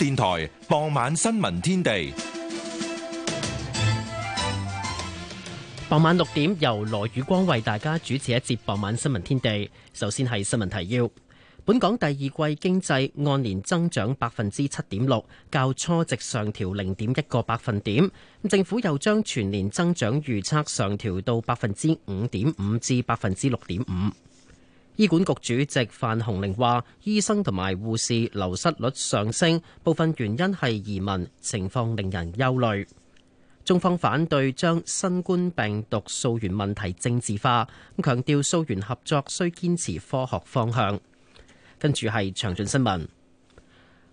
電台傍晚新聞天地，傍晚六點由羅宇光為大家主持一節傍晚新聞天地。首先係新聞提要：本港第二季經濟按年增長百分之七點六，較初值上調零點一個百分點。政府又將全年增長預測上調到百分之五點五至百分之六點五。醫管局主席范鴻齡話，醫生同埋護士流失率上升，部分原因係移民，情況令人憂慮。中方反對將新冠病毒溯源問題政治化，強調溯源合作須堅持科學方向。跟住係詳盡新聞。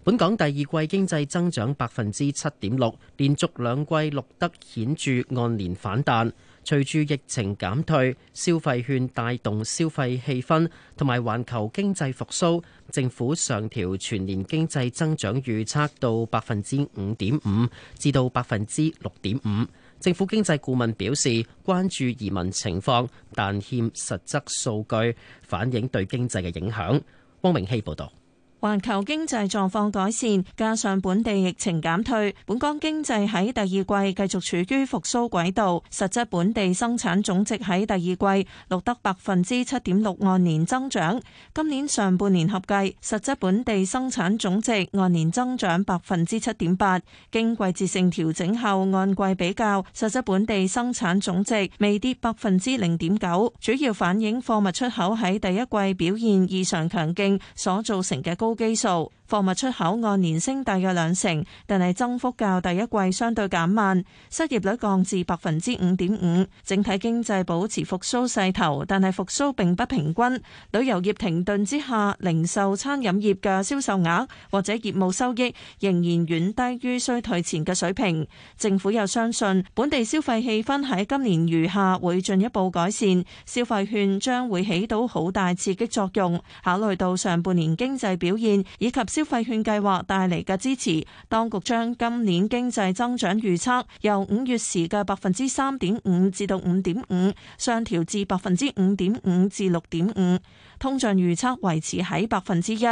本港第二季經濟增長百分之七點六，連續兩季錄得顯著按年反彈。隨住疫情減退，消費券帶動消費氣氛，同埋環球經濟復甦，政府上調全年經濟增長預測到百分之五點五至到百分之六點五。政府經濟顧問表示，關注移民情況，但欠實質數據反映對經濟嘅影響。汪明熙報導。環球經濟狀況改善，加上本地疫情減退，本港經濟喺第二季繼續處於復甦軌道。實質本地生產總值喺第二季錄得百分之七點六按年增長。今年上半年合計實質本地生產總值按年增長百分之七點八。經季節性調整後，按季比較實質本地生產總值未跌百分之零點九，主要反映貨物出口喺第一季表現異常強勁所造成嘅高高基數。貨物出口按年升大約兩成，但係增幅較第一季相對減慢。失業率降至百分之五點五，整體經濟保持復蘇勢頭，但係復蘇並不平均。旅遊業停頓之下，零售餐飲業嘅銷售額或者業務收益仍然遠低於衰退前嘅水平。政府又相信本地消費氣氛喺今年餘下會進一步改善，消費券將會起到好大刺激作用。考慮到上半年經濟表現以及，消費券計劃帶嚟嘅支持，當局將今年經濟增長預測由五月時嘅百分之三點五至到五點五上調至百分之五點五至六點五，通脹預測維持喺百分之一。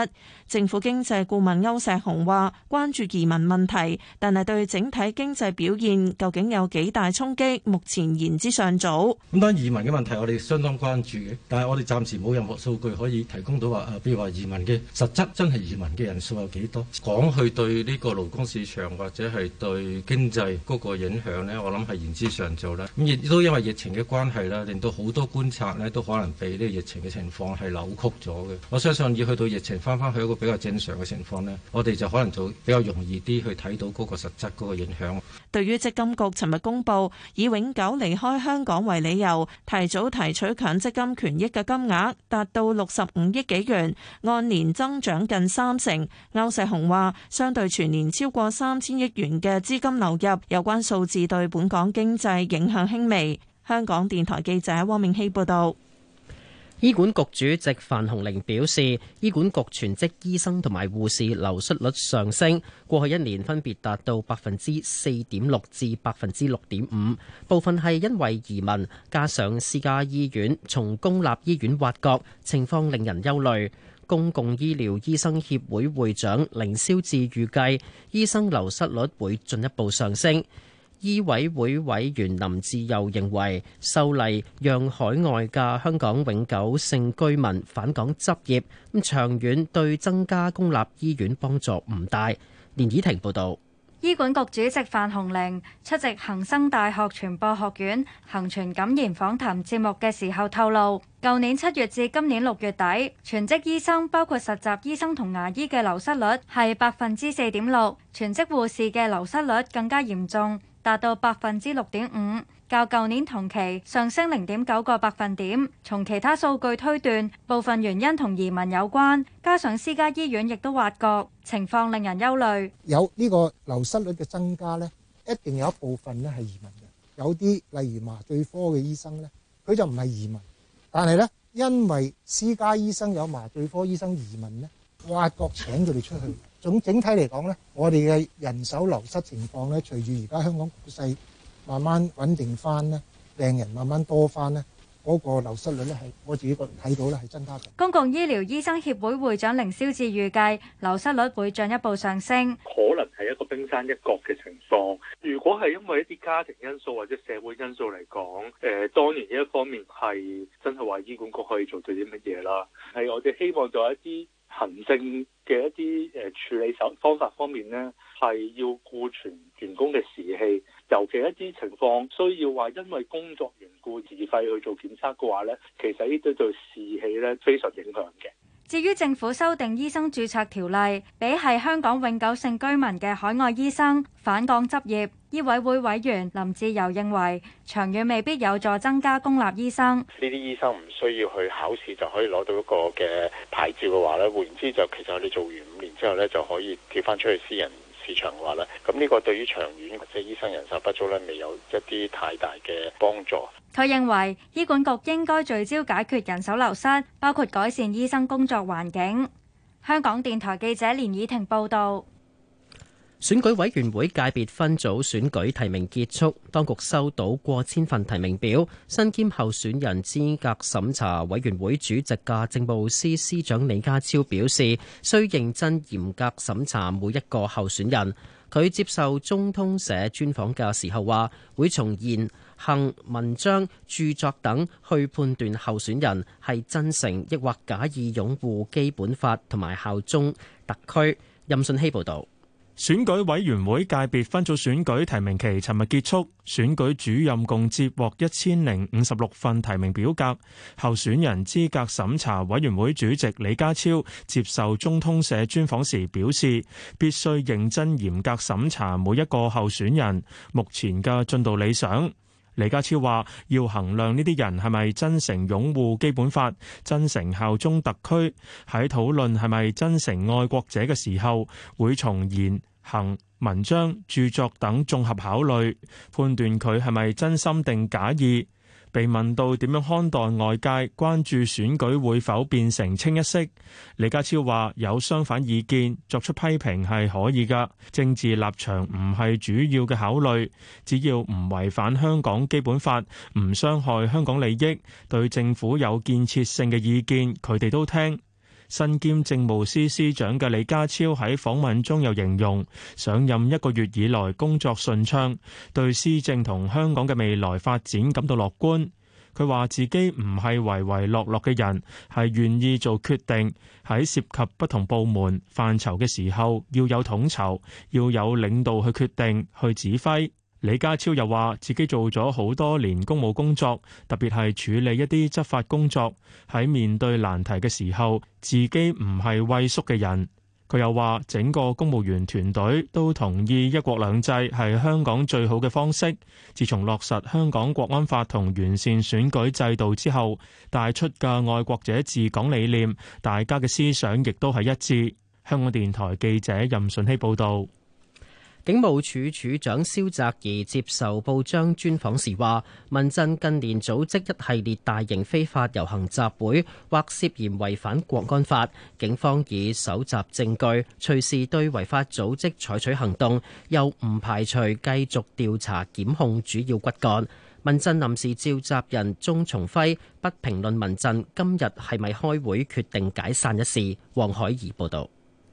政府經濟顧問歐錫雄話：關注移民問題，但係對整體經濟表現究竟有幾大衝擊，目前言之尚早。咁當移民嘅問題我哋相當關注嘅，但係我哋暫時冇任何數據可以提供到話，誒，譬如話移民嘅實質真係移民嘅人。人數有幾多？講去對呢個勞工市場或者係對經濟嗰個影響咧，我諗係言之尚早啦。咁亦都因為疫情嘅關係啦，令到好多觀察咧都可能被呢個疫情嘅情況係扭曲咗嘅。我相信以去到疫情翻返去一個比較正常嘅情況咧，我哋就可能就比較容易啲去睇到嗰個實質嗰個影響。對於積金局尋日公布以永久離開香港為理由提早提取強積金權益嘅金額達到六十五億幾元，按年增長近三成。歐世雄話：相對全年超過三千億元嘅資金流入，有關數字對本港經濟影響輕微。香港電台記者汪明希報道。醫管局主席范鴻齡表示，醫管局全職醫生同埋護士流失率上升，過去一年分別達到百分之四點六至百分之六點五，部分係因為移民，加上私家醫院從公立醫院挖角，情況令人憂慮。公共醫療醫生協會會長凌霄志預計醫生流失率會進一步上升。醫委會委員林志又認為，修例讓海外嘅香港永久性居民返港執業，咁長遠對增加公立醫院幫助唔大。連怡婷報道。醫管局主席范鴻齡出席恒生大學傳播學院《行傳感言訪談》節目嘅時候透露，舊年七月至今年六月底，全職醫生包括實習醫生同牙醫嘅流失率係百分之四點六，全職護士嘅流失率更加嚴重，達到百分之六點五。較舊年同期上升零點九個百分點，從其他數據推斷，部分原因同移民有關。加上私家醫院亦都挖角，情況令人憂慮，有呢個流失率嘅增加呢，一定有一部分呢係移民嘅。有啲例如麻醉科嘅醫生呢，佢就唔係移民，但係呢，因為私家醫生有麻醉科醫生移民呢，挖角請佢哋出去，總整體嚟講呢，我哋嘅人手流失情況呢隨住而家香港股勢慢慢穩定翻咧，病人慢慢多翻咧，嗰個流失率咧係我自己個睇到咧係增加嘅。公共醫療醫生協會會長凌霄志預計流失率會進一步上升，可能係一個冰山一角嘅情況。如果係因為一啲家庭因素或者社會因素嚟講，誒、呃、當然呢一方面係真係話醫管局可以做到啲乜嘢啦。係我哋希望在一啲行政嘅一啲誒處理手方法方面咧，係要顧全員工嘅士氣。尤其一啲情況需要話，因為工作緣故自費去做檢測嘅話咧，其實呢啲對士氣咧非常影響嘅。至於政府修訂醫生註冊條例，俾係香港永久性居民嘅海外醫生返港執業，醫委會委員林志友認為，長遠未必有助增加公立醫生。呢啲醫生唔需要去考試就可以攞到一個嘅牌照嘅話咧，換言之就其實我哋做完五年之後咧就可以跳翻出去私人市場嘅話咧，咁呢個對於長遠或者醫生人手不足咧，未有一啲太大嘅幫助。佢認為醫管局應該聚焦解決人手流失，包括改善醫生工作環境。香港電台記者連以婷報導。選舉委員會界別分組選舉提名結束，當局收到過千份提名表。身兼候選人資格審查委員會主席嘅政務司司長李家超表示，需認真嚴格審查每一個候選人。佢接受中通社專訪嘅時候話，會從言行、文章、著作等去判斷候選人係真誠，抑或假意擁護基本法同埋效忠特區。任信希報道。選舉委員會界別分組選舉提名期尋日結束，選舉主任共接獲一千零五十六份提名表格。候選人資格審查委員會主席李家超接受中通社專訪時表示，必須認真嚴格審查每一個候選人，目前嘅進度理想。李家超話：要衡量呢啲人係咪真誠擁護基本法、真誠效忠特區，喺討論係咪真誠愛國者嘅時候，會從言行、文章、著作等綜合考慮，判斷佢係咪真心定假意。被問到點樣看待外界關注選舉會否變成清一色，李家超話有相反意見作出批評係可以㗎，政治立場唔係主要嘅考慮，只要唔違反香港基本法、唔傷害香港利益、對政府有建設性嘅意見，佢哋都聽。身兼政務司司長嘅李家超喺訪問中又形容，上任一個月以來工作順暢，對施政同香港嘅未來發展感到樂觀。佢話自己唔係唯唯諾諾嘅人，係願意做決定。喺涉及不同部門範疇嘅時候，要有統籌，要有領導去決定去指揮。李家超又話自己做咗好多年公務工作，特別係處理一啲執法工作。喺面對難題嘅時候，自己唔係畏縮嘅人。佢又話整個公務員團隊都同意一國兩制係香港最好嘅方式。自從落實香港國安法同完善選舉制度之後，帶出嘅愛國者治港理念，大家嘅思想亦都係一致。香港電台記者任順希報道。警務處處長蕭澤頤接受報章專訪時話，民陣近年組織一系列大型非法遊行集會，或涉嫌違反國安法，警方已搜集證據，隨時對違法組織採取行動，又唔排除繼續調查檢控主要骨幹。民陣臨時召集人鍾松輝不評論民陣今日係咪開會決定解散一事。黃海怡報道。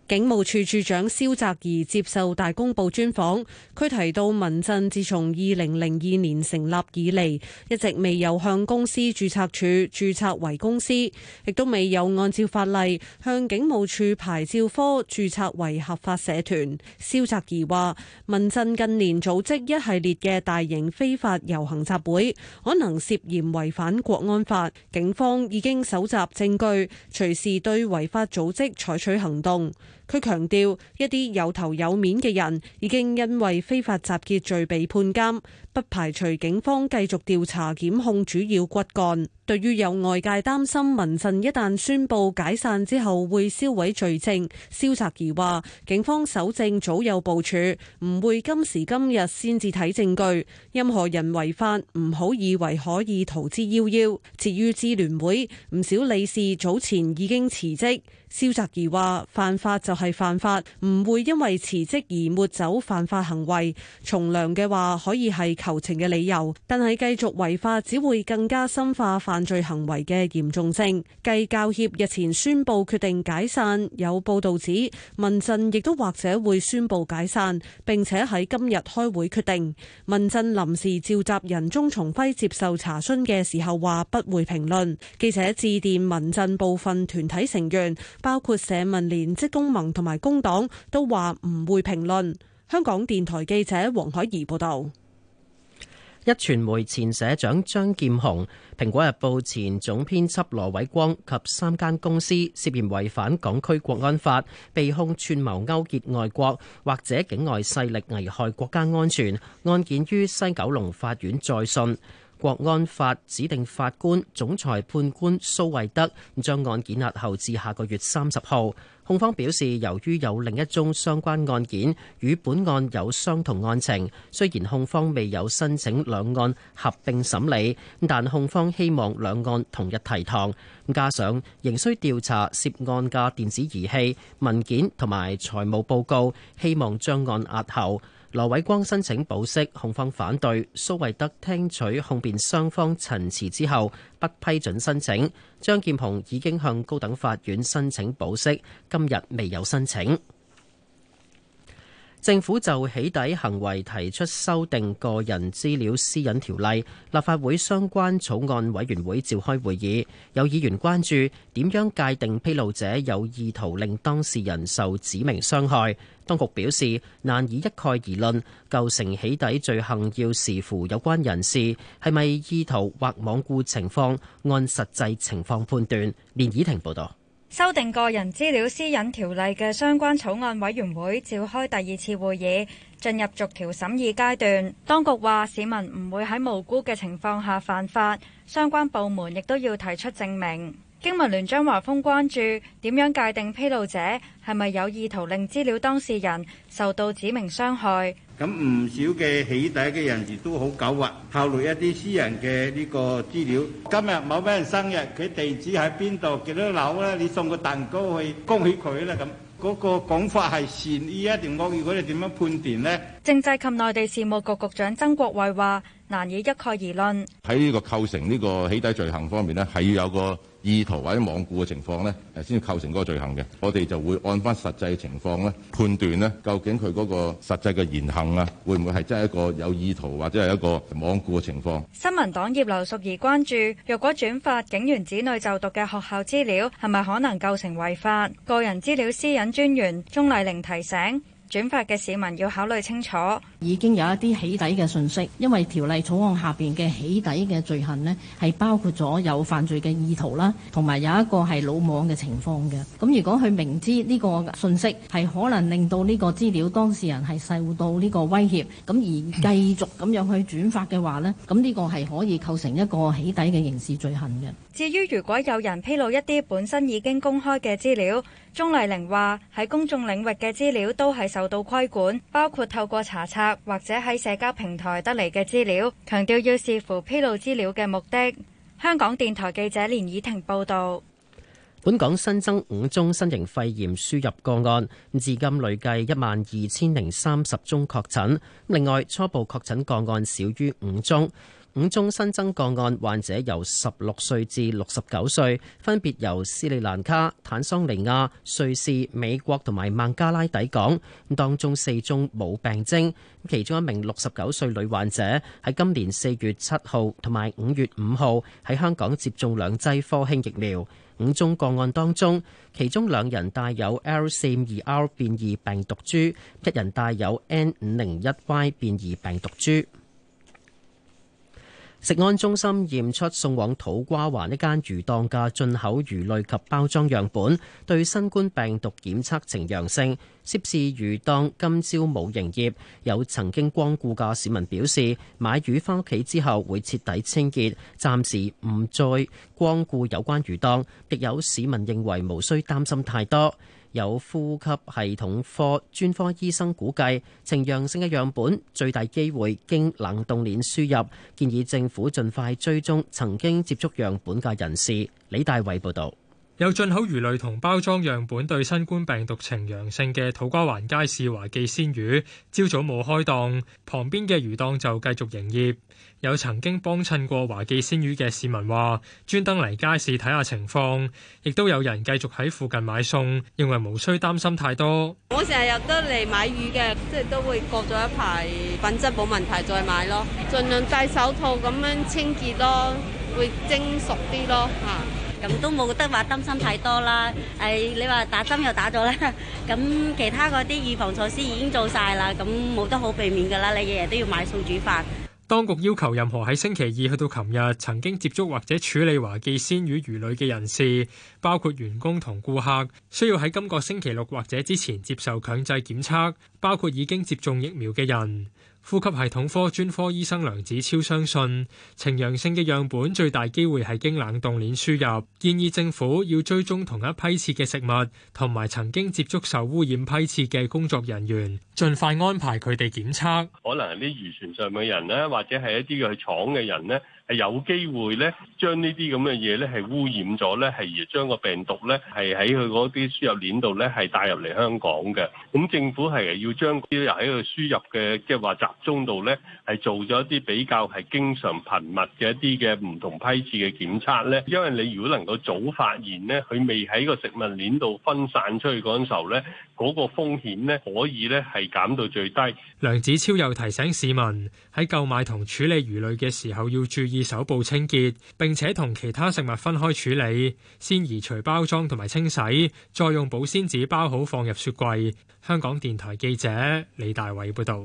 警務處處長蕭澤頤接受大公報專訪，佢提到民陣自從二零零二年成立以嚟，一直未有向公司注冊處注冊為公司，亦都未有按照法例向警務處牌照科注冊為合法社團。蕭澤頤話：民陣近年組織一系列嘅大型非法遊行集會，可能涉嫌違反國安法，警方已經搜集證據，隨時對違法組織採取行動。佢強調，一啲有頭有面嘅人已經因為非法集結罪被判監。不排除警方繼續調查檢控主要骨幹，對於有外界擔心民陣一旦宣布解散之後會銷毀罪證，蕭澤怡話警方搜證早有部署，唔會今時今日先至睇證據，任何人違法，唔好以為可以逃之夭夭。至於智聯會唔少理事早前已經辭職，蕭澤怡話犯法就係犯法，唔會因為辭職而抹走犯法行為，從良嘅話，可以係求情嘅理由，但係繼續違法只會更加深化犯罪行為嘅嚴重性。繼教協日前宣布決定解散，有報道指民陣亦都或者會宣布解散，並且喺今日開會決定。民陣臨時召集人鍾松輝接受查詢嘅時候話不會評論。記者致電民陣部分團體成員，包括社民連、職工盟同埋工黨，都話唔會評論。香港電台記者黃海怡報道。一傳媒前社長張劍虹、蘋果日報前總編輯羅偉光及三間公司涉嫌違反港區國安法，被控串謀勾結外國或者境外勢力危害國家安全，案件於西九龍法院再訊。國安法指定法官、總裁判官蘇惠德將案件押後至下個月三十號。控方表示，由於有另一宗相關案件與本案有相同案情，雖然控方未有申請兩案合併審理，但控方希望兩案同日提堂。加上仍需調查涉案嘅電子儀器、文件同埋財務報告，希望將案押後。羅偉光申請保釋，控方反對。蘇惠德聽取控辯雙方陳詞之後，不批准申請。張劍虹已經向高等法院申請保釋，今日未有申請。政府就起底行為提出修訂個人資料私隱條例，立法會相關草案委員會召開會議，有議員關注點樣界定披露者有意圖令當事人受指明傷害。當局表示難以一概而論，構成起底罪行要視乎有關人士係咪意圖或罔顧情況，按實際情況判斷。連倚婷報道。修訂個人資料私隱條例嘅相關草案委員會召開第二次會議，進入逐條審議階段。當局話市民唔會喺無辜嘅情況下犯法，相關部門亦都要提出證明。經文聯張華峰關注，點樣界定披露者係咪有意圖令資料當事人受到指明傷害？咁唔少嘅起底嘅人士都好狡猾，透露一啲私人嘅呢個資料。今日某咩人生日，佢地址喺邊度，幾多樓咧？你送個蛋糕去恭喜佢啦。咁嗰個講法係善意，一定惡意，嗰啲點樣判斷呢？政制及內地事務局局長曾國衛話。難以一概而論。喺呢個構成呢個起底罪行方面呢，係要有個意圖或者罔顧嘅情況呢，誒先至構成嗰個罪行嘅。我哋就會按翻實際情況咧，判斷呢，究竟佢嗰個實際嘅言行啊，會唔會係真係一個有意圖或者係一個罔顧嘅情況？新聞黨葉劉淑儀關注，若果轉發警員子女就讀嘅學校資料，係咪可能構成違法？個人資料私隱專員鍾麗玲提醒。轉發嘅市民要考慮清楚，已經有一啲起底嘅信息，因為條例草案下邊嘅起底嘅罪行咧，係包括咗有犯罪嘅意圖啦，同埋有一個係魯莽嘅情況嘅。咁如果佢明知呢個信息係可能令到呢個資料當事人係受到呢個威脅，咁而繼續咁樣去轉發嘅話咧，咁呢個係可以構成一個起底嘅刑事罪行嘅。至於如果有人披露一啲本身已經公開嘅資料，鍾麗玲話喺公眾領域嘅資料都係受。受到規管，包括透過查冊或者喺社交平台得嚟嘅資料。強調要視乎披露資料嘅目的。香港電台記者連怡婷報道。本港新增五宗新型肺炎輸入個案，至今累計一萬二千零三十宗確診，另外，初步確診個案少於五宗。五宗新增個案患者由十六歲至六十九歲，分別由斯里蘭卡、坦桑尼亞、瑞士、美國同埋孟加拉抵港。咁當中四宗冇病徵，其中一名六十九歲女患者喺今年四月七號同埋五月五號喺香港接種兩劑科興疫苗。五宗個案當中，其中兩人帶有 L 四二 R 變異病毒株，一人帶有 N 五零一 Y 變異病毒株。食安中心驗出送往土瓜灣一間魚檔嘅進口魚類及包裝樣本，對新冠病毒檢測呈陽性，涉事魚檔今朝冇營業。有曾經光顧嘅市民表示，買魚翻屋企之後會徹底清潔，暫時唔再光顧有關魚檔。亦有市民認為無需擔心太多。有呼吸系統科專科醫生估計呈陽性嘅樣本最大機會經冷凍鏈輸入，建議政府盡快追蹤曾經接觸樣本嘅人士。李大偉報道。有進口魚類同包裝樣本對新冠病毒呈陽性嘅土瓜灣街市華記鮮魚，朝早冇開檔，旁邊嘅魚檔就繼續營業。有曾經幫襯過華記鮮魚嘅市民話，專登嚟街市睇下情況，亦都有人繼續喺附近買餸，認為無需擔心太多。我成日入得嚟買魚嘅，即係都會過咗一排品質冇問題再買咯，盡量戴手套咁樣清潔咯，會蒸熟啲咯嚇。咁都冇得話擔心太多啦，誒、哎，你話打針又打咗啦，咁其他嗰啲預防措施已經做晒啦，咁冇得好避免噶啦，你日日都要買餸煮飯。當局要求任何喺星期二去到琴日曾經接觸或者處理華記鮮魚魚類嘅人士，包括員工同顧客，需要喺今個星期六或者之前接受強制檢測，包括已經接種疫苗嘅人。呼吸系統科專科醫生梁子超相信，呈陽性嘅樣本最大機會係經冷凍鏈輸入，建議政府要追蹤同一批次嘅食物，同埋曾經接觸受污染批次嘅工作人員，盡快安排佢哋檢測，可能係啲漁船上嘅人咧，或者係一啲去廠嘅人咧。係有機會咧，將呢啲咁嘅嘢咧係污染咗咧，係而將個病毒咧係喺佢嗰啲輸入鏈度咧係帶入嚟香港嘅。咁政府係要將啲人喺個輸入嘅，即係話集中度咧係做咗一啲比較係經常頻密嘅一啲嘅唔同批次嘅檢測咧。因為你如果能夠早發現咧，佢未喺個食物鏈度分散出去嗰陣時候咧，嗰個風險咧可以咧係減到最低。梁子超又提醒市民喺購買同處理魚類嘅時候要注意。以手部清潔，並且同其他食物分開處理，先移除包裝同埋清洗，再用保鮮紙包好放入雪櫃。香港電台記者李大偉報道。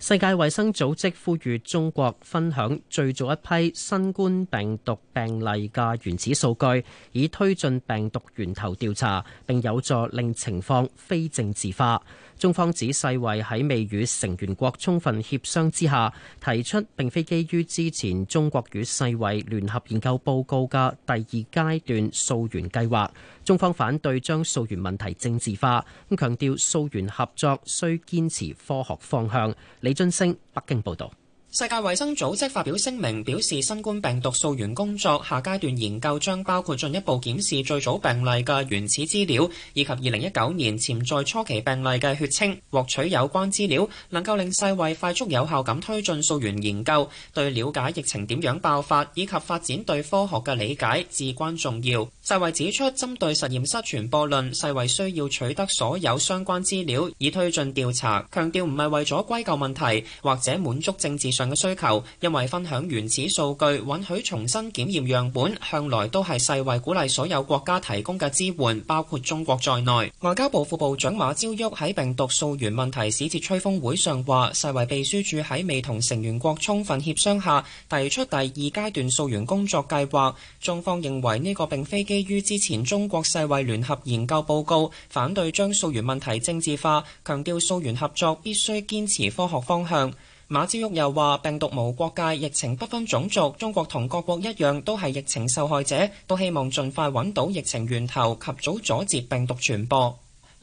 世界衛生組織呼籲中國分享最早一批新冠病毒病例嘅原始數據，以推進病毒源頭調查，並有助令情況非政治化。中方指世衛喺未與成員國充分協商之下提出，并非基於之前中國與世衛聯合研究報告嘅第二階段溯源計劃，中方反對將溯源問題政治化，咁強調溯源合作須堅持科學方向。李津升北京報道。世界衛生組織發表聲明表示，新冠病毒溯源工作下階段研究將包括進一步檢視最早病例嘅原始資料，以及二零一九年潛在初期病例嘅血清。獲取有關資料能夠令世衛快速有效咁推進溯源研究，對了解疫情點樣爆發以及發展對科學嘅理解至關重要。世衛指出，針對實驗室傳播論，世衛需要取得所有相關資料以推進調查，強調唔係為咗歸咎問題或者滿足政治上嘅需求，因為分享原始數據允許重新檢驗樣本，向來都係世衛鼓勵所有國家提供嘅支援，包括中國在內。外交部副部長馬昭旭馬朝旭喺病毒溯源問題首次吹風會上話：世衛秘書處喺未同成員國充分協商下，提出第二階段溯源工作計劃，中方認為呢個並非基於之前中國世衛聯合研究報告，反對將溯源問題政治化，強調溯源合作必須堅持科學方向。馬朝旭又話：病毒無國界，疫情不分種族，中國同各國一樣都係疫情受害者，都希望盡快揾到疫情源頭，及早阻止病毒傳播。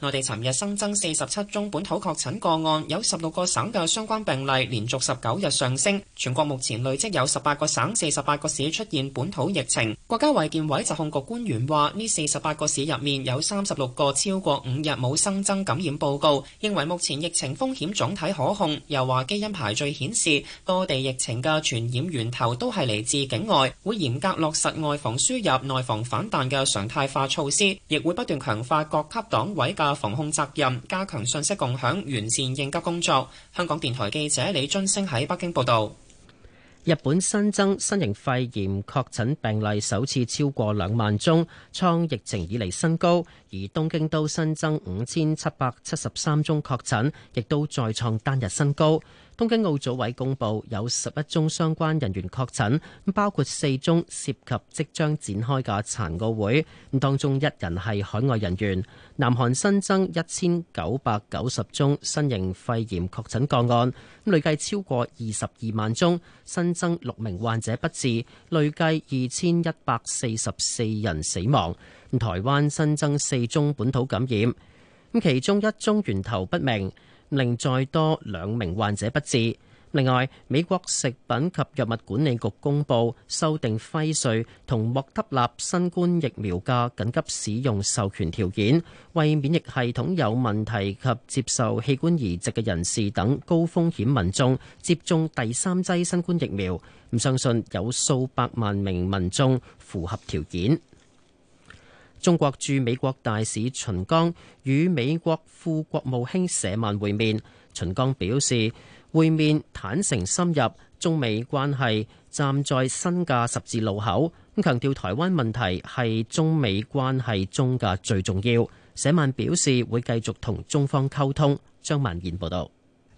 內地尋日新增四十七宗本土確診個案，有十六個省嘅相關病例連續十九日上升。全國目前累積有十八個省、四十八個市出現本土疫情。國家衛健委疾控局官員話：呢四十八個市入面有三十六個超過五日冇新增感染報告，認為目前疫情風險總體可控。又話基因排序顯示各地疫情嘅傳染源頭都係嚟自境外，會嚴格落實外防輸入、內防反彈嘅常態化措施，亦會不斷強化各級黨委嘅。防控責任，加強信息共享，完善應急工作。香港電台記者李津升喺北京報道。日本新增新型肺炎確診病例首次超過兩萬宗，創疫情以嚟新高。而東京都新增五千七百七十三宗確診，亦都再創單日新高。東京奧組委公布有十一宗相關人員確診，包括四宗涉及即將展開嘅殘奧會，咁當中一人係海外人員。南韓新增一千九百九十宗新型肺炎確診個案，累計超過二十二萬宗，新增六名患者不治，累計二千一百四十四人死亡。台灣新增四宗本土感染，其中一宗源頭不明。令再多兩名患者不治。另外，美國食品及藥物管理局公布修訂輝瑞同莫德納新冠疫苗嘅緊急使用授權條件，為免疫系統有問題及接受器官移植嘅人士等高風險民眾接種第三劑新冠疫苗。唔相信有數百萬名民眾符合條件。中國駐美國大使秦剛與美國副國務卿舍曼會面。秦剛表示，會面坦誠深入，中美關係站在新嘅十字路口。咁強調台灣問題係中美關係中嘅最重要。舍曼表示會繼續同中方溝通。張文賢報道。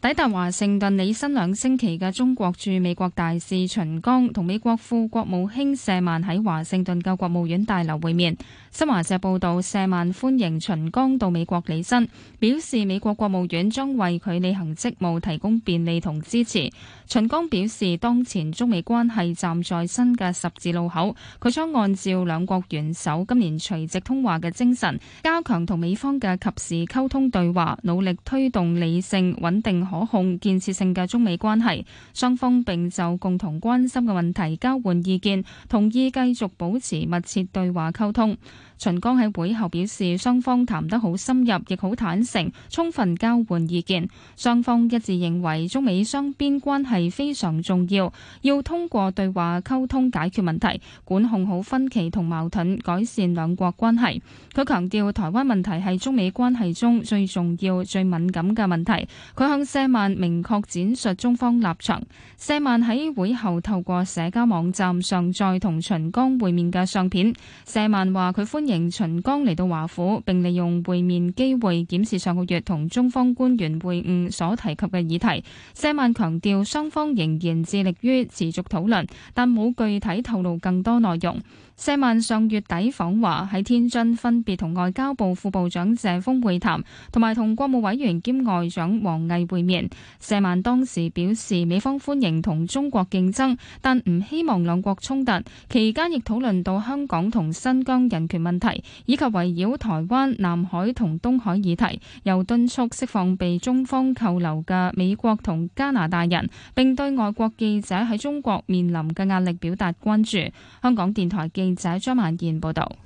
抵達華盛頓履新兩星期嘅中國駐美國大使秦剛同美國副國務卿舍曼喺華盛頓嘅國務院大樓會面。新華社報道，舍曼歡迎秦剛到美國履新，表示美國國務院將為佢履行職務提供便利同支持。秦剛表示，當前中美關係站在新嘅十字路口，佢將按照兩國元首今年除夕通話嘅精神，加強同美方嘅及時溝通對話，努力推動理性、穩定。可控建設性嘅中美關係，雙方並就共同關心嘅問題交換意見，同意繼續保持密切對話溝通。秦剛喺會後表示，雙方談得好深入，亦好坦誠，充分交換意見。雙方一致認為中美雙邊關係非常重要，要通過對話溝通解決問題，管控好分歧同矛盾，改善兩國關係。佢強調，台灣問題係中美關係中最重要、最敏感嘅問題。佢向社謝曼明確展述中方立場。謝曼喺會後透過社交網站上載同秦剛會面嘅相片。謝曼話佢歡迎秦剛嚟到華府，並利用會面機會檢視上個月同中方官員會晤所提及嘅議題。謝曼強調雙方仍然致力於持續討論，但冇具體透露更多內容。舍曼上月底訪華，喺天津分別同外交部副部長謝峰會談，同埋同國務委員兼外長王毅會面。舍曼當時表示，美方歡迎同中國競爭，但唔希望兩國衝突。期間亦討論到香港同新疆人權問題，以及圍繞台灣、南海同東海議題，又敦促釋放被中方扣留嘅美國同加拿大人，並對外國記者喺中國面臨嘅壓力表達關注。香港電台記。記者張萬健報道，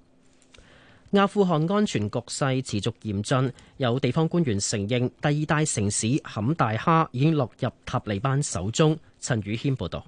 阿富汗安全局勢持續嚴峻，有地方官員承認第二大城市坎大哈已經落入塔利班手中。陳宇謙報道，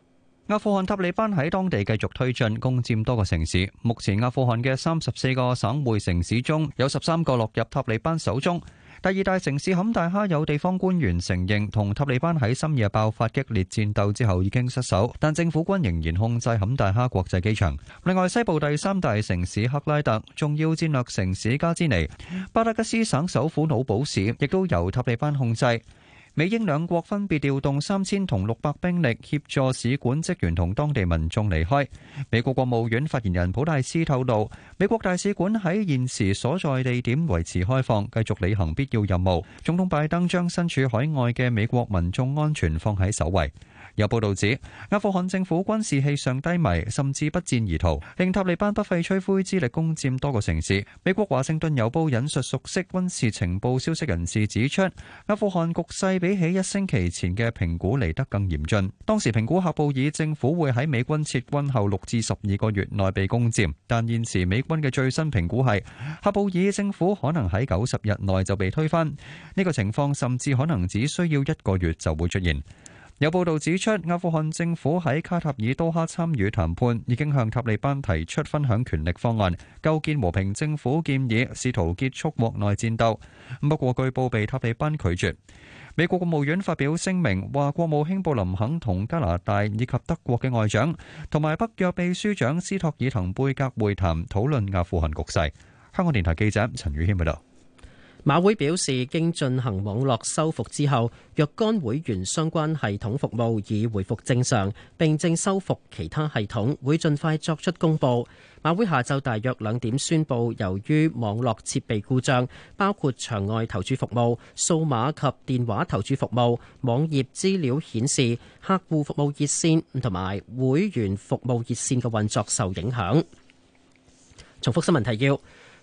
阿富汗塔利班喺當地繼續推進攻佔多個城市，目前阿富汗嘅三十四個省會城市中有十三個落入塔利班手中。第二大城市坎大哈有地方官員承認同塔利班喺深夜爆發激烈戰鬥之後已經失守，但政府軍仍然控制坎大哈國際機場，另外，西部第三大城市赫拉特、重要戰略城市加茲尼、巴德吉斯省首府努堡市，亦都由塔利班控制。美英兩國分別調動三千同六百兵力協助使館職員同當地民眾離開。美國國務院發言人普萊斯透露，美國大使館喺現時所在地點維持開放，繼續履行必要任務。總統拜登將身處海外嘅美國民眾安全放喺首位。有報道指，阿富汗政府軍士氣低迷，甚至不戰而逃，令塔利班不費吹灰之力攻佔多個城市。美國華盛頓郵報引述熟悉軍事情報消息人士指出，阿富汗局勢比起一星期前嘅評估嚟得更嚴峻。當時評估喀布爾政府會喺美軍撤軍後六至十二個月內被攻佔，但現時美軍嘅最新評估係喀布爾政府可能喺九十日內就被推翻。呢、這個情況甚至可能只需要一個月就會出現。有報道指出，阿富汗政府喺卡塔爾多哈參與談判，已經向塔利班提出分享權力方案，構建和平政府建議，試圖結束國內戰鬥。不過據報被塔利班拒絕。美國國務院發表聲明，話國務卿布林肯同加拿大以及德國嘅外長，同埋北約秘書長斯托爾滕貝格會談，討論阿富汗局勢。香港電台記者陳宇軒報道。馬會表示，經進行網絡修復之後，若干會員相關系統服務已回復正常，並正修復其他系統，會盡快作出公布。馬會下晝大約兩點宣布，由於網絡設備故障，包括場外投注服務、數碼及電話投注服務、網頁資料顯示、客戶服務熱線同埋會員服務熱線嘅運作受影響。重複新聞提要。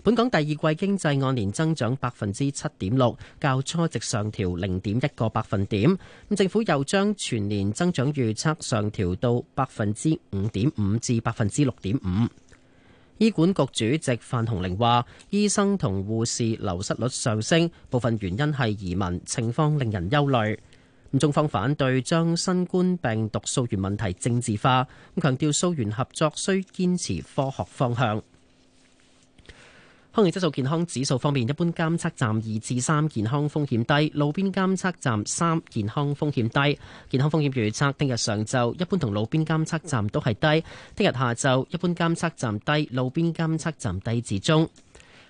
本港第二季經濟按年增長百分之七點六，較初值上調零點一個百分點。政府又將全年增長預測上調到百分之五點五至百分之六點五。醫管局主席范鴻齡話：醫生同護士流失率上升，部分原因係移民，情況令人憂慮。中方反對將新冠病毒溯源問題政治化，咁強調溯源合作需堅持科學方向。空氣質素健康指數方面，一般監測站二至三，健康風險低；路邊監測站三，健康風險低。健康風險預測：聽日上晝一般同路邊監測站都係低；聽日下晝一般監測站低，路邊監測站低至中。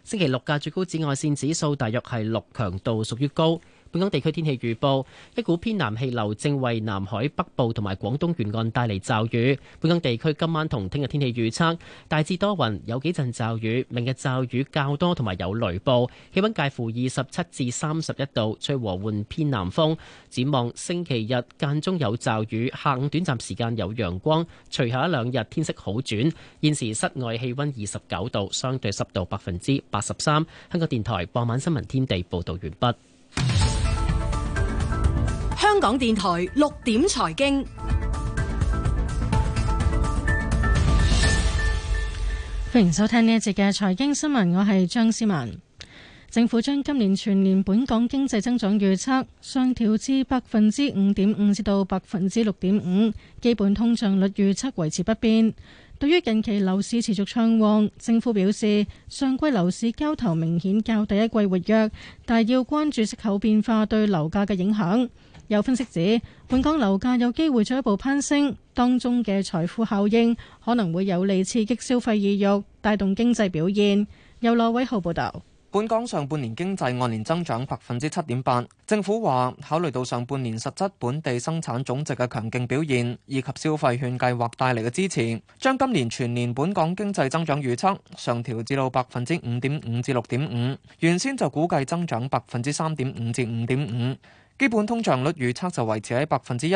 星期六嘅最高紫外綫指數大約係六，強度屬於高。本港地區天氣預報：一股偏南氣流正為南海北部同埋廣東沿岸帶嚟驟雨。本港地區今晚同聽日天氣預測大致多雲，有幾陣驟雨。明日驟雨較多同埋有雷暴，氣溫介乎二十七至三十一度，吹和緩偏南風。展望星期日間中有驟雨，下午短暫時間有陽光。隨後一兩日天色好轉。現時室外氣溫二十九度，相對濕度百分之八十三。香港電台傍晚新聞天地報道完畢。香港電台六點財經，歡迎收聽呢一節嘅財經新聞，我係張思文。政府將今年全年本港經濟增長預測上調至百分之五點五至到百分之六點五，基本通脹率預測維持不變。對於近期樓市持續暢旺，政府表示上季樓市交投明顯較第一季活躍，但係要關注息口變化對樓價嘅影響。有分析指，本港樓價有機會進一步攀升，當中嘅財富效應可能會有利刺激消費意欲，帶動經濟表現。由羅偉浩報道，本港上半年經濟按年增長百分之七點八。政府話，考慮到上半年實質本地生產總值嘅強勁表現，以及消費券計劃帶嚟嘅支持，將今年全年本港經濟增長預測上調至到百分之五點五至六點五，原先就估計增長百分之三點五至五點五。基本通脹率預測就維持喺百分之一。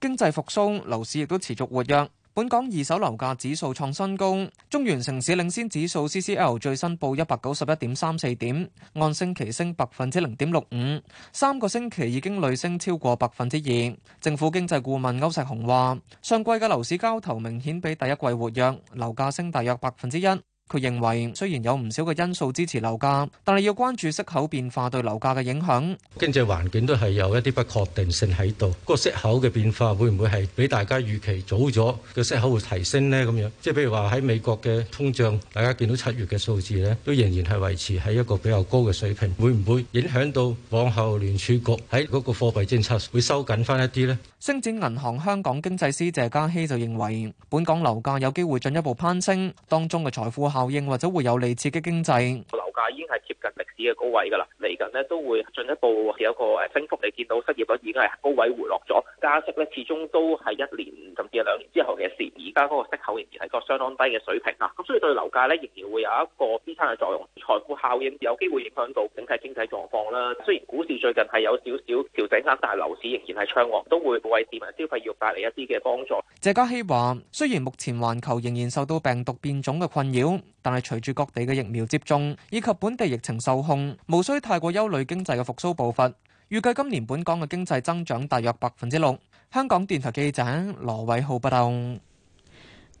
經濟復甦，樓市亦都持續活躍。本港二手樓價指數創新高，中原城市領先指數 CCL 最新報一百九十一點三四點，按星期升百分之零點六五，三個星期已經累升超過百分之二。政府經濟顧問歐石雄話：上季嘅樓市交投明顯比第一季活躍，樓價升大約百分之一。佢認為雖然有唔少嘅因素支持樓價，但係要關注息口變化對樓價嘅影響。經濟環境都係有一啲不確定性喺度，個息口嘅變化會唔會係比大家預期早咗？個息口會提升呢？咁樣，即係譬如話喺美國嘅通脹，大家見到七月嘅數字呢，都仍然係維持喺一個比較高嘅水平，會唔會影響到往後聯儲局喺嗰個貨幣政策會收緊翻一啲呢？星展銀行香港經濟師謝嘉熙就認為，本港樓價有機會進一步攀升，當中嘅財富客。效應或者會有利刺激經濟。已經係接近歷史嘅高位㗎啦，嚟緊呢，都會進一步有一個升幅，你見到失業率已經係高位回落咗，加息咧始終都係一年甚至係兩年之後嘅事，而家嗰個息口仍然係一個相當低嘅水平啊！咁所以對樓價咧仍然會有一個支撐嘅作用，財富效應有機會影響到整體經濟狀況啦。雖然股市最近係有少少調整啦，但係樓市仍然係暢旺，都會為市民消費要帶嚟一啲嘅幫助。謝家希話：雖然目前環球仍然受到病毒變種嘅困擾。但係隨住各地嘅疫苗接種以及本地疫情受控，無需太過憂慮經濟嘅復蘇步伐。預計今年本港嘅經濟增長大約百分之六。香港電台記者羅偉浩報道，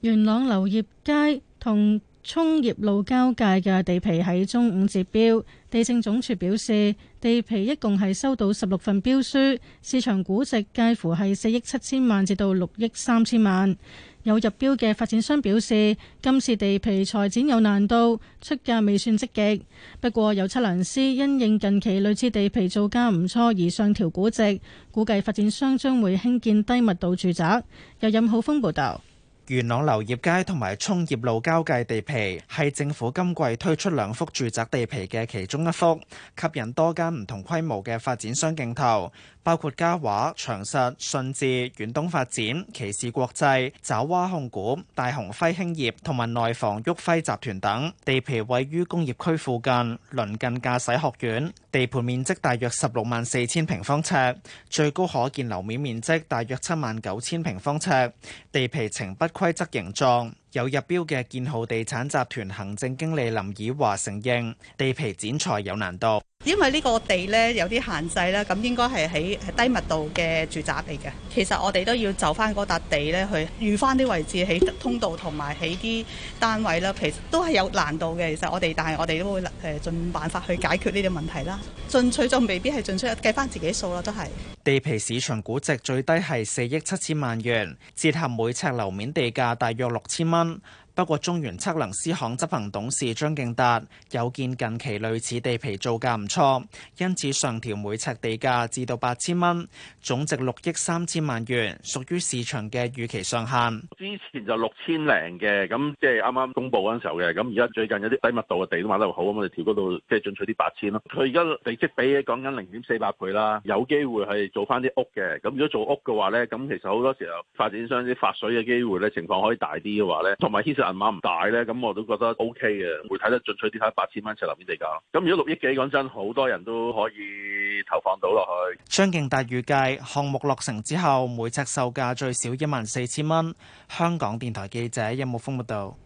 元朗流業街同涌業路交界嘅地皮喺中午截標，地政總署表示，地皮一共係收到十六份標書，市場估值介乎係四億七千萬至到六億三千萬。有入標嘅發展商表示，今次地皮裁剪有難度，出價未算積極。不過有，有測量師因應近期類似地皮造價唔錯而上調估值，估計發展商將會興建低密度住宅。由任浩峯報導。元朗流業街同埋湧業路交界地皮係政府今季推出兩幅住宅地皮嘅其中一幅，吸引多間唔同規模嘅發展商競投，包括嘉華、長實、信置、遠東發展、其士國際、爪哇控股、大鴻輝興業同埋內房旭輝集團等。地皮位於工業區附近，鄰近駕駛學院。地盤面積大約十六萬四千平方尺，最高可見樓面面積大約七萬九千平方尺，地皮呈不規則形狀。有入標嘅建豪地產集團行政經理林以華承認，地皮剪裁有難度，因為呢個地咧有啲限制啦，咁應該係喺低密度嘅住宅嚟嘅。其實我哋都要就翻嗰笪地咧去預翻啲位置起通道同埋起啲單位啦，其實都係有難度嘅。其實我哋但係我哋都會誒盡辦法去解決呢啲問題啦，進取就未必係進取，計翻自己數啦，都係。地皮市場估值最低係四億七千萬元，折合每尺樓面地價大約六千蚊。不過中原測量師行執行董事張敬達有見近期類似地皮造價唔錯，因此上調每尺地價至到八千蚊，總值六億三千萬元，屬於市場嘅預期上限。之前就六千零嘅，咁即係啱啱公布嗰陣時候嘅，咁而家最近有啲低密度嘅地都買得又好，咁我哋調高到即係進取啲八千咯。佢而家地積比講緊零點四八倍啦，有機會係做翻啲屋嘅。咁如果做屋嘅話咧，咁其實好多時候發展商啲發水嘅機會咧，情況可以大啲嘅話咧，同埋其實。唔大咧，咁我都覺得 OK 嘅，會睇得進取啲，睇八千蚊一尺樓面地價。咁如果六億幾講真，好多人都可以投放到落去。張勁達預計項目落成之後，每尺售價最少一萬四千蚊。香港電台記者任木峯報道。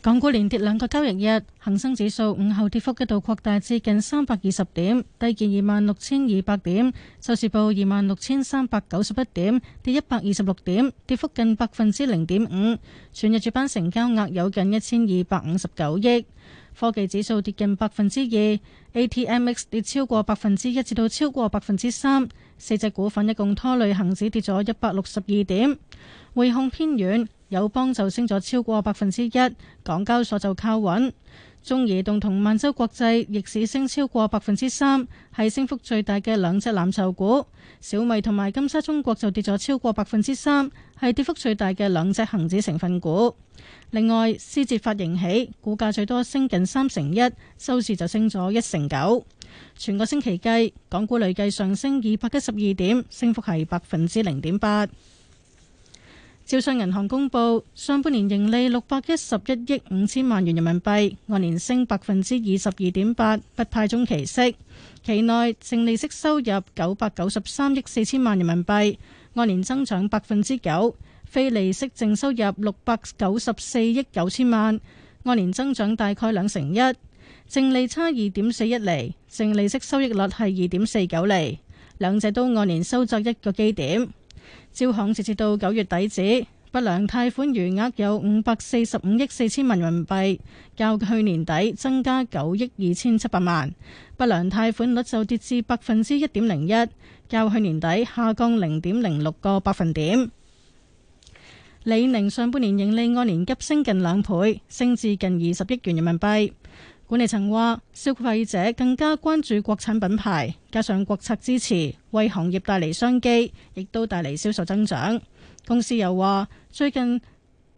港股連跌兩個交易日，恒生指數午後跌幅一度擴大至近三百二十點，低見二萬六千二百點，收市報二萬六千三百九十一點，跌一百二十六點，跌幅近百分之零點五。全日主板成交額有近一千二百五十九億，科技指數跌近百分之二，ATMX 跌超過百分之一，至到超過百分之三。四隻股份一共拖累恒指跌咗一百六十二點，匯控偏軟，友邦就升咗超過百分之一，港交所就靠穩，中移動同萬洲國際逆市升超過百分之三，係升幅最大嘅兩隻藍籌股。小米同埋金沙中國就跌咗超過百分之三，係跌幅最大嘅兩隻恒指成分股。另外，思捷發盈喜股價最多升近三成一，收市就升咗一成九。全個星期計，港股累計上升二百一十二點，升幅係百分之零點八。招商銀行公佈上半年盈利六百一十一億五千萬元人民幣，按年升百分之二十二點八，不派中期息。期內淨利息收入九百九十三億四千萬人民幣，按年增長百分之九。非利息淨收入六百九十四億九千萬，按年增長大概兩成一。淨利差二點四一厘，淨利息收益率係二點四九厘，兩者都按年收窄一個基點。招行截至到九月底止，不良貸款餘額，額有五百四十五億四千萬人民幣，較去年底增加九億二千七百萬。不良貸款率就跌至百分之一點零一，較去年底下降零點零六個百分點。李寧上半年盈利按年急升近兩倍，升至近二十億元人民幣。管理層話，消費者更加關注國產品牌，加上國策支持，為行業帶嚟商機，亦都帶嚟銷售增長。公司又話，最近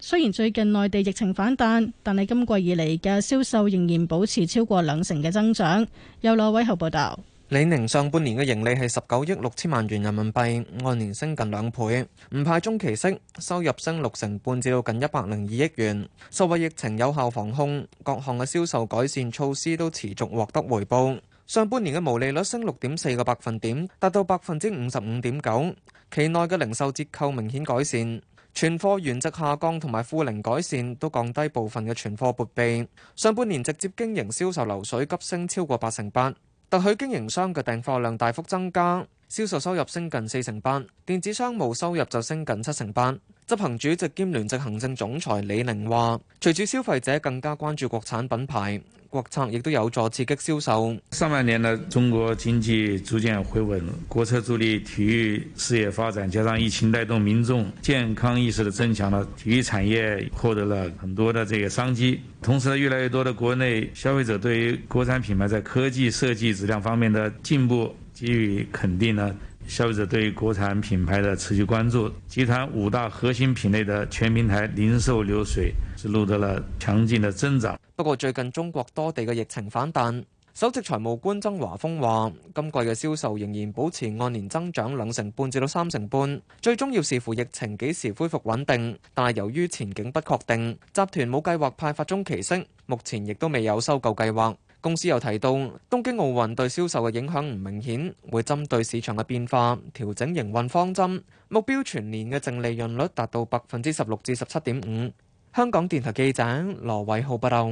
雖然最近內地疫情反彈，但係今季以嚟嘅銷售仍然保持超過兩成嘅增長。有羅偉豪報道。李寧上半年嘅盈利係十九億六千萬元人民幣，按年升近兩倍，唔派中期息，收入升六成半至到近一百零二億元。受惠疫情有效防控，各項嘅銷售改善措施都持續獲得回報。上半年嘅毛利率升六點四個百分點，達到百分之五十五點九。期內嘅零售折扣明顯改善，存貨原值下降同埋負零改善都降低部分嘅存貨撥備。上半年直接經營銷售流水急升超過八成八。特許經營商嘅訂貨量大幅增加，銷售收入升近四成八，電子商務收入就升近七成八。執行主席兼聯席行政總裁李寧話，隨住消費者更加關注國產品牌。國策也都有助刺激銷售。上半年呢，中國經濟逐漸回穩，國策助力體育事業發展，加上疫情帶動民眾健康意識的增強，了，體育產業獲得了很多的這個商機。同時呢，越來越多的國內消費者對於國產品牌在科技、設計、質量方面的進步給予肯定呢，消費者對於國產品牌的持續關注。集團五大核心品類的全平台零售流水，錄得了強勁的增長。不過，最近中國多地嘅疫情反彈，首席財務官曾華峰話，今季嘅銷售仍然保持按年增長兩成半至到三成半。最終要視乎疫情幾時恢復穩定。但係由於前景不確定，集團冇計劃派發中期息，目前亦都未有收購計劃。公司又提到，東京奧運對銷售嘅影響唔明顯，會針對市場嘅變化調整營運方針，目標全年嘅淨利潤率達到百分之十六至十七點五。香港電台記者羅偉浩報道，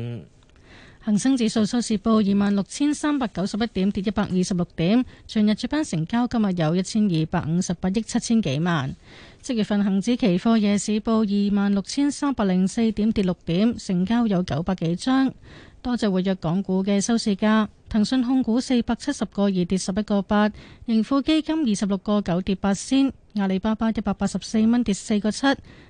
恒生指數收市報二萬六千三百九十一點，跌一百二十六點。全日主板成交今日有一千二百五十八億七千幾萬。七月份恒指期貨夜市報二萬六千三百零四點，跌六點，成交有九百幾張。多隻活躍港股嘅收市價。騰訊控股四百七十個二跌十一個八，盈富基金二十六個九跌八仙，阿里巴巴一百八十四蚊跌四個七，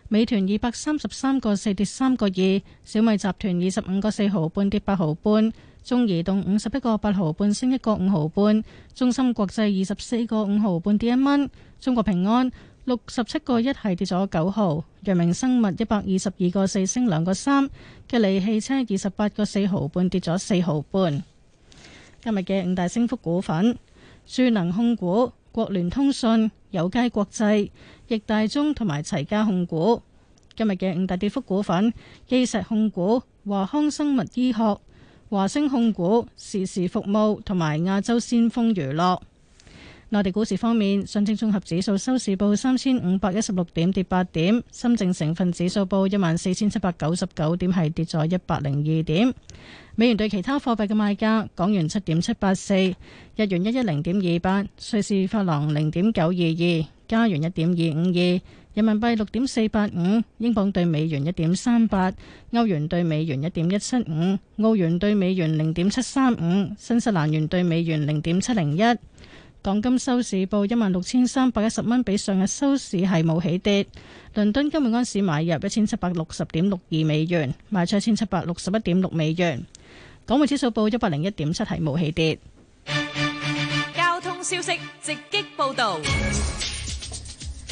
美團二百三十三個四跌三個二，小米集團二十五個四毫半跌八毫半，中移動五十一個八毫半升一個五毫半，中芯國際二十四個五毫半跌一蚊，中國平安六十七個一係跌咗九毫，藥明生物一百二十二個四升兩個三，吉利汽車二十八個四毫半跌咗四毫半。今日嘅五大升幅股份：智能控股、國聯通訊、友佳國際、易大中同埋齊家控股。今日嘅五大跌幅股份：基石控股、華康生物醫學、華星控股、時時服務同埋亞洲先鋒娛樂。內地股市方面，上證綜合指數收市報三千五百一十六點，跌八點；深證成分指數報一萬四千七百九十九點，係跌咗一百零二點。美元對其他貨幣嘅賣價：港元七點七八四，日元一一零點二八，瑞士法郎零點九二二，加元一點二五二，人民幣六點四八五，英鎊兌美元一點三八，歐元兌美元一點一七五，澳元兌美元零點七三五，新西蘭元兌美元零點七零一。港金收市報一萬六千三百一十蚊，16, 比上日收市係冇起跌。倫敦金每安士買入一千七百六十點六二美元，賣出一千七百六十一點六美元。港匯指數報一百零一點七，係冇起跌。交通消息直擊報道。Yes.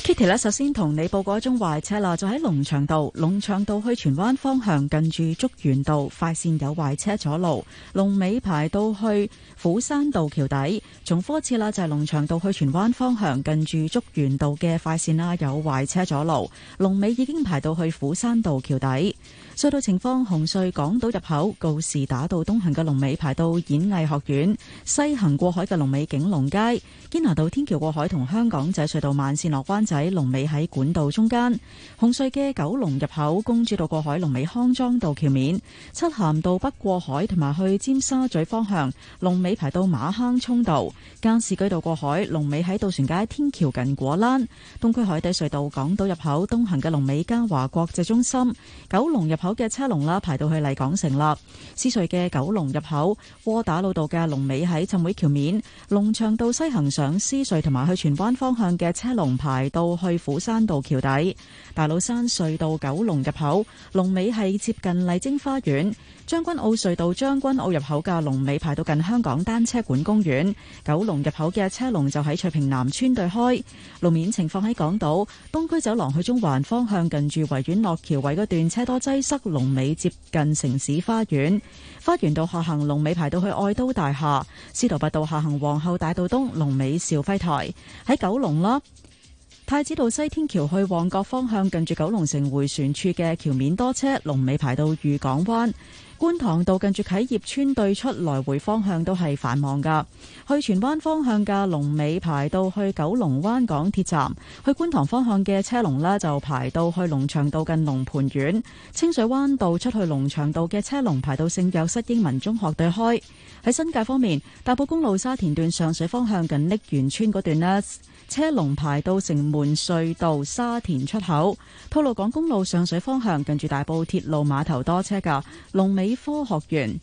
Kitty，首先同你報告一宗壞車啦，就喺龍翔道，龍翔道去荃灣方向近住竹園道快線有壞車阻路，龍尾排到去斧山道橋底。重複次啦，就係龍翔道去荃灣方向近住竹園道嘅快線啦，有壞車阻路，龍尾已經排到去斧山道橋底。隧道情況：紅隧港島入口告士打道東行嘅龍尾排到演藝學院；西行過海嘅龍尾景隆街；堅拿道天橋過海同香港仔隧道慢線落灣仔龍尾喺管道中間；紅隧嘅九龍入口公主道過海龍尾康莊道橋面；漆咸道北過海同埋去尖沙咀方向龍尾排到馬坑涌道；加士居道過海龍尾喺渡船街天橋近果欄；東區海底隧道港島入口東行嘅龍尾嘉華國際中心；九龍入口嘅車龍啦，排到去麗港城啦。獅隧嘅九龍入口，窩打老道嘅龍尾喺浸會橋面。龍翔道西行上獅隧同埋去荃灣方向嘅車龍，排到去虎山道橋底。大老山隧道九龍入口，龍尾係接近麗晶花園。將軍澳隧道將軍澳入口嘅龍尾排到近香港單車館公園。九龍入口嘅車龍就喺翠屏南邨對開。路面情況喺港島東區走廊去中環方向，近住維園落橋位嗰段車多擠塞。北龍尾接近城市花園，花園道下行龍尾排到去愛都大廈，司徒拔道下行皇后大道東龍尾兆輝台喺九龍啦，太子道西天橋去旺角方向近住九龍城回旋處嘅橋面多車，龍尾排到御港灣。觀塘道近住啟業村對出來回方向都係繁忙噶，去荃灣方向嘅龍尾排到去九龍灣港鐵站；去觀塘方向嘅車龍啦，就排到去龍翔道近龍蟠苑，清水灣道出去龍翔道嘅車龍排到聖若瑟英文中學對開。喺新界方面，大埔公路沙田段上水方向近瀝源村嗰段咧。車龍排到城門隧道沙田出口，吐露港公路上水方向近住大埔鐵路碼頭多車噶，龍尾科學園。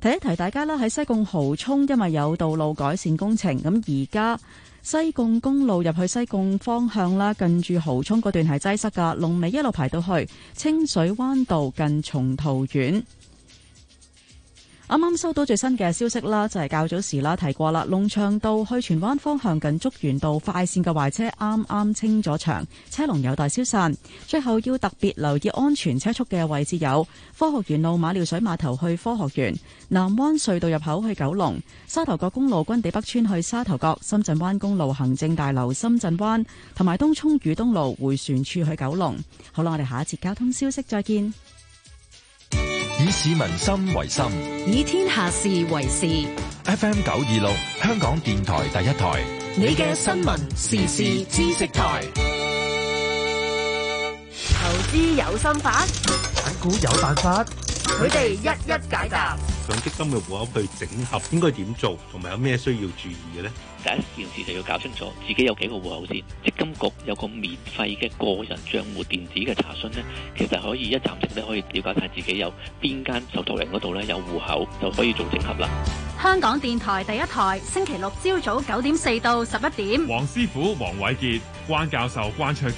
提一提大家啦，喺西貢蚝涌因為有道路改善工程，咁而家西貢公路入去西貢方向啦，近住蚝涌嗰段係擠塞噶，龍尾一路排到去清水灣道近松濤苑。啱啱收到最新嘅消息啦，就係、是、較早時啦提過啦，龍翔道去荃灣方向近竹園道快線嘅壞車啱啱清咗場，車龍有待消散。最後要特別留意安全車速嘅位置有科學園路馬料水碼頭去科學園、南灣隧道入口去九龍、沙頭角公路軍地北村去沙頭角、深圳灣公路行政大樓深圳灣同埋東涌嶼東路回旋處去九龍。好啦，我哋下一節交通消息再見。以市民心為心，以天下事為事。FM 九二六，香港電台第一台。你嘅新聞時事知識台，投資有心法，港股有辦法。佢哋一一解答，嗯，想積金嘅戶口去整合應該點做，同埋有咩需要注意嘅咧？第一件事就要搞清楚自己有幾個戶口先。積金局有個免費嘅個人賬戶電子嘅查詢咧，其實可以一站式咧可以了解晒自己有邊間受託人嗰度咧有戶口，就可以做整合啦。香港電台第一台，星期六朝早九點四到十一點。黃師傅黃偉傑，關教授關卓。